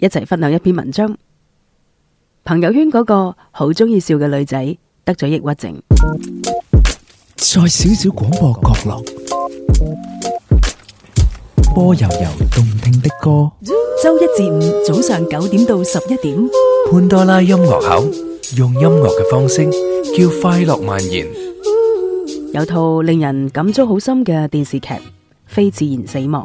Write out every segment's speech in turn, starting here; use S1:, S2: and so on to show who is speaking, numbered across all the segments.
S1: 一齊分享一篇文章。朋友圈嗰個好中意笑嘅女仔得咗抑鬱症。
S2: 在小小廣播角落，播柔柔動聽的歌。
S1: 周一至五早上九點到十一點，
S2: 潘多拉音樂口用音樂嘅方式
S1: 叫快樂蔓延。有套令人感觸好深嘅電視劇《非自然死亡》。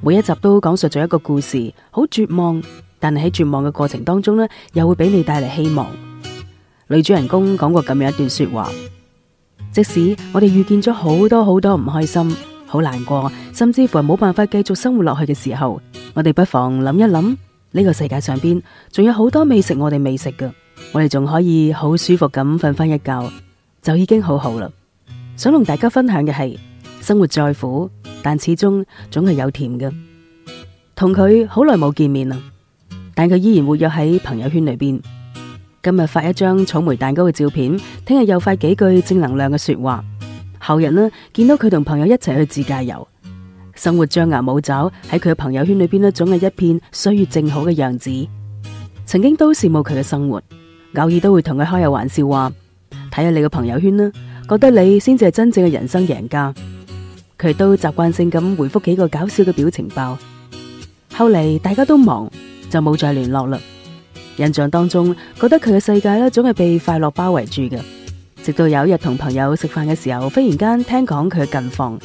S1: 每一集都講述咗一個故事，好絕望，但係喺絕望嘅過程當中呢，又會俾你帶嚟希望。女主人公講過咁樣一段說話：，即使我哋遇見咗好多好多唔開心、好難過，甚至乎係冇辦法繼續生活落去嘅時候，我哋不妨諗一諗呢個世界上邊仲有好多美食我哋未食㗎，我哋仲可以好舒服咁瞓翻一覺，就已經好好啦。想同大家分享嘅係，生活再苦。但始終總係有甜嘅，同佢好耐冇見面啦，但佢依然活躍喺朋友圈裏邊。今日發一張草莓蛋糕嘅照片，聽日又發幾句正能量嘅說話，後日呢，見到佢同朋友一齊去自駕遊，生活張牙舞爪喺佢嘅朋友圈裡邊呢，總係一片歲月正好嘅樣子。曾經都羨慕佢嘅生活，偶爾都會同佢開下玩笑話：睇下你嘅朋友圈啦，覺得你先至係真正嘅人生贏家。佢都習慣性咁回覆幾個搞笑嘅表情包，後嚟，大家都忙，就冇再聯絡啦。印象當中，覺得佢嘅世界咧總係被快樂包圍住嘅。直到有一日同朋友食飯嘅時候，忽然間聽講佢嘅近況，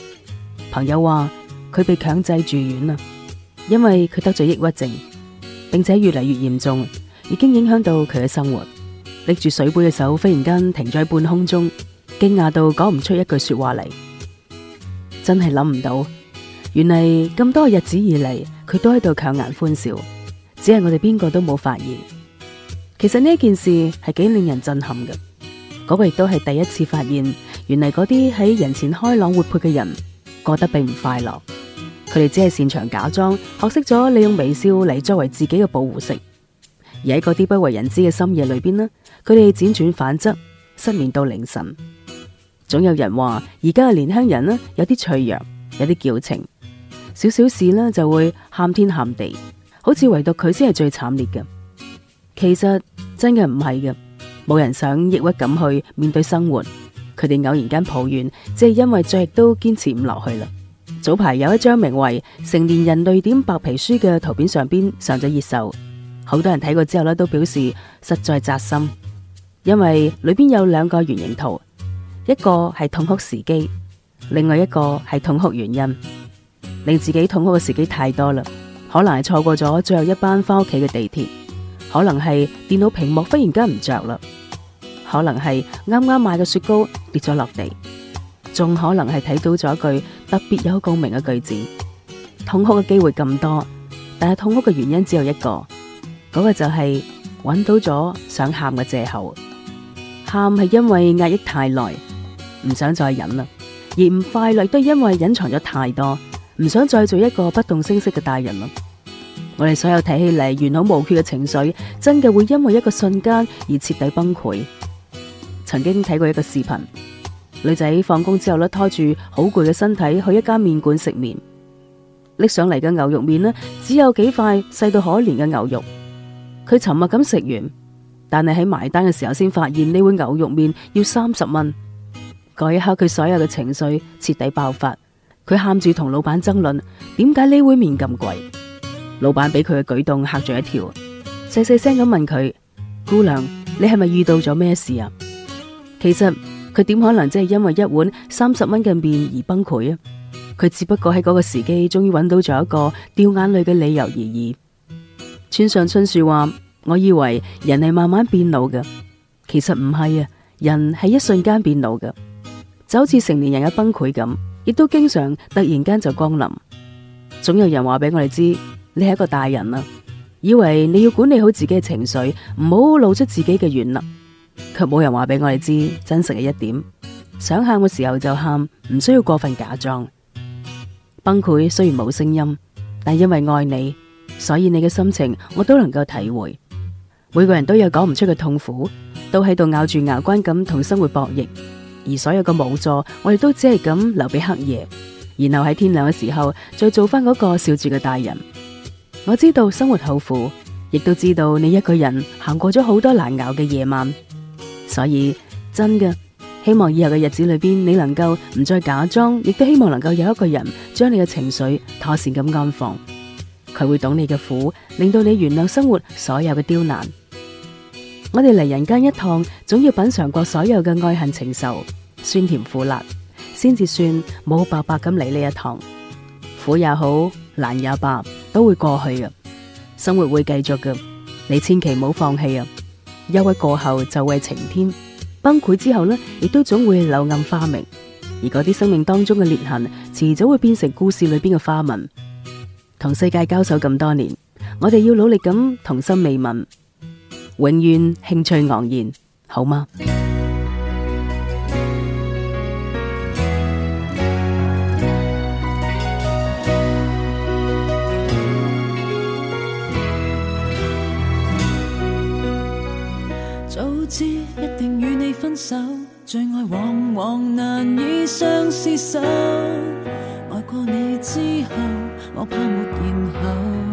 S1: 朋友話佢被強制住院啦，因為佢得咗抑鬱症，並且越嚟越嚴重，已經影響到佢嘅生活。拎住水杯嘅手，忽然間停在半空中，驚訝到講唔出一句說話嚟。真係諗唔到，原嚟咁多日子以嚟，佢都喺度強顏歡笑，只係我哋邊個都冇發現。其實呢件事係幾令人震撼嘅，嗰個亦都係第一次發現，原嚟嗰啲喺人前開朗活潑嘅人，過得並唔快樂。佢哋只係擅長假裝，學識咗利用微笑嚟作為自己嘅保護色，而喺嗰啲不為人知嘅深夜裏邊呢，佢哋輾轉反側，失眠到凌晨。總有人話而家嘅年輕人呢，有啲脆弱，有啲矯情，少少事呢就會喊天喊地，好似唯獨佢先係最慘烈嘅。其實真嘅唔係嘅，冇人想抑鬱咁去面對生活。佢哋偶然間抱怨，即係因為再亦都堅持唔落去啦。早排有一張名為《成年人淚點白皮書》嘅圖片上邊上咗熱搜，好多人睇過之後呢都表示實在扎心，因為裏邊有兩個圓形圖。一個係痛哭時機，另外一個係痛哭原因。令自己痛哭嘅時機太多了，可能係錯過咗最後一班翻屋企嘅地鐵，可能係電腦屏幕忽然間唔着了，可能係啱啱買嘅雪糕跌咗落地，仲可能係睇到咗一句特別有共鳴嘅句子。痛哭嘅機會咁多，但係痛哭嘅原因只有一個，嗰個就係揾到咗想喊嘅借口。喊係因為壓抑太耐。唔想再忍啦，而唔快樂都因為隱藏咗太多，唔想再做一個不動聲色嘅大人啦。我哋所有睇起嚟完好無缺嘅情緒，真嘅會因為一個瞬間而徹底崩潰。曾經睇過一個視頻，女仔放工之後咧拖住好攰嘅身體去一間麵館食麵，拎上嚟嘅牛肉麵呢，只有幾塊細到可憐嘅牛肉，佢沉默咁食完，但係喺埋單嘅時候先發現呢碗牛肉麵要三十蚊。嗰一刻，佢所有嘅情緒徹底爆發，佢喊住同老闆爭論，點解呢碗麵咁貴？老闆俾佢嘅舉動嚇咗一跳，細細聲咁問佢：姑娘，你係咪遇到咗咩事啊？其實佢點可能真係因為一碗三十蚊嘅麵而崩潰啊？佢只不過喺嗰個時機，終於揾到咗一個掉眼淚嘅理由而已。村上春樹話：我以為人係慢慢變老嘅，其實唔係啊，人係一瞬間變老嘅。就好似成年人嘅崩潰咁，亦都經常突然間就光臨。總有人話俾我哋知，你係一個大人啊，以為你要管理好自己嘅情緒，唔好露出自己嘅軟肋。卻冇人話俾我哋知，真實嘅一點，想喊嘅時候就喊，唔需要過分假裝。崩潰雖然冇聲音，但因為愛你，所以你嘅心情我都能夠體會。每個人都有講唔出嘅痛苦，都喺度咬住牙關咁同生活博弈。而所有嘅無助，我亦都只係咁留俾黑夜，然後喺天亮嘅時候再做翻嗰個笑住嘅大人。我知道生活好苦，亦都知道你一個人行過咗好多難熬嘅夜晚，所以真嘅希望以後嘅日子裏邊，你能夠唔再假裝，亦都希望能夠有一個人將你嘅情緒妥善咁安放，佢會懂你嘅苦，令到你原諒生活所有嘅刁難。我哋嚟人間一趟，總要品嘗過所有嘅愛恨情仇，酸甜苦辣，先至算冇白白咁嚟呢一趟。苦也好，難也罷，都會過去嘅，生活會繼續嘅，你千祈唔好放棄啊！憂鬱過後就會晴天，崩潰之後呢，亦都總會柳暗花明。而嗰啲生命當中嘅裂痕，遲早會變成故事裏邊嘅花紋。同世界交手咁多年，我哋要努力咁童心未泯。永遠興趣盎然，好嗎？
S2: 早知一定與你分手，最愛往往難以相廝守。愛過你之後，我怕沒然後。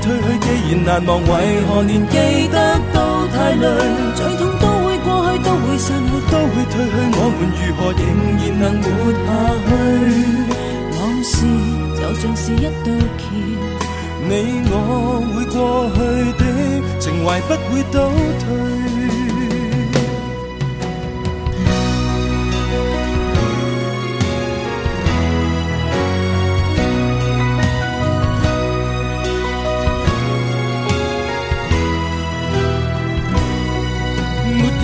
S2: 退去，既然難忘，為何連記得都太累？最痛都會過去，都會散，都會退去。我們如何仍然能活下去？往事就像是一道橋，你我會過去的，情懷不會倒退。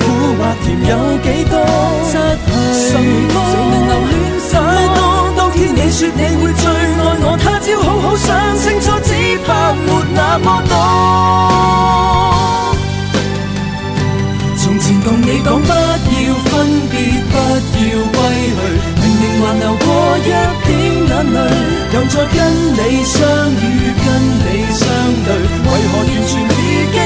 S2: 苦或甜有幾多誰能留戀？太多是我。當天你說你會最愛我，他朝好好想清楚，只怕沒那麼多。從前同你講 不要分別，不要歸去，明明還流過一點眼淚，又再跟你相遇，跟你相對，為何完全已經。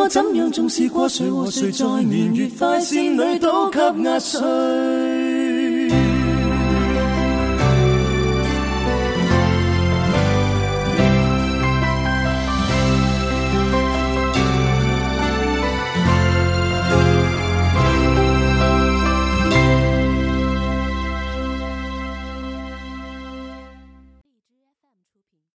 S2: 我怎樣重視過？誰和誰在年月快線裏都給壓碎。